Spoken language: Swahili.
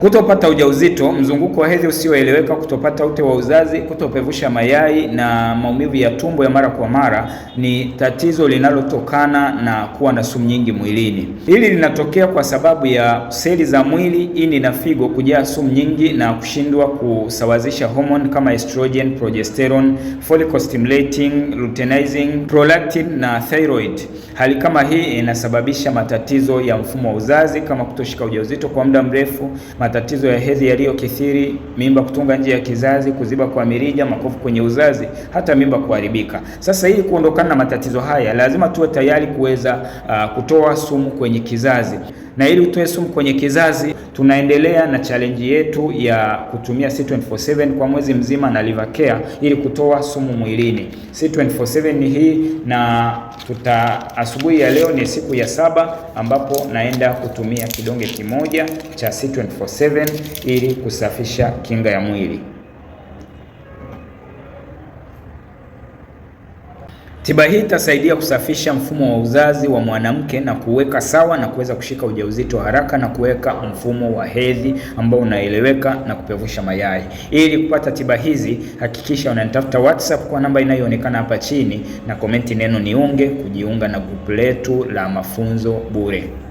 Kutopata ujauzito, mzunguko wa hedhi usioeleweka, kutopata ute wa uzazi, kutopevusha mayai na maumivu ya tumbo ya mara kwa mara ni tatizo linalotokana na kuwa na sumu nyingi mwilini. Hili linatokea kwa sababu ya seli za mwili, ini na figo kujaa sumu nyingi na kushindwa kusawazisha homoni kama estrogen, progesterone, follicle stimulating, luteinizing, prolactin na thyroid. Hali kama hii inasababisha matatizo ya mfumo wa uzazi kama kutoshika ujauzito kwa muda mrefu matatizo ya hedhi yaliyokithiri, mimba kutunga nje ya kizazi, kuziba kwa mirija, makovu kwenye uzazi, hata mimba kuharibika. Sasa ili kuondokana na matatizo haya, lazima tuwe tayari kuweza uh, kutoa sumu kwenye kizazi, na ili utoe sumu kwenye kizazi, tunaendelea na challenge yetu ya kutumia C247 kwa mwezi mzima na Liver Care ili kutoa sumu mwilini. C247 ni hii na tuta asubuhi ya leo ni siku ya saba ambapo naenda kutumia kidonge kimoja cha C247 ili kusafisha kinga ya mwili. Tiba hii itasaidia kusafisha mfumo wa uzazi wa mwanamke na kuweka sawa na kuweza kushika ujauzito haraka na kuweka mfumo wa hedhi ambao unaeleweka na kupevusha mayai. Ili kupata tiba hizi, hakikisha unanitafuta WhatsApp kwa namba inayoonekana hapa chini na komenti neno niunge kujiunga na grupu letu la mafunzo bure.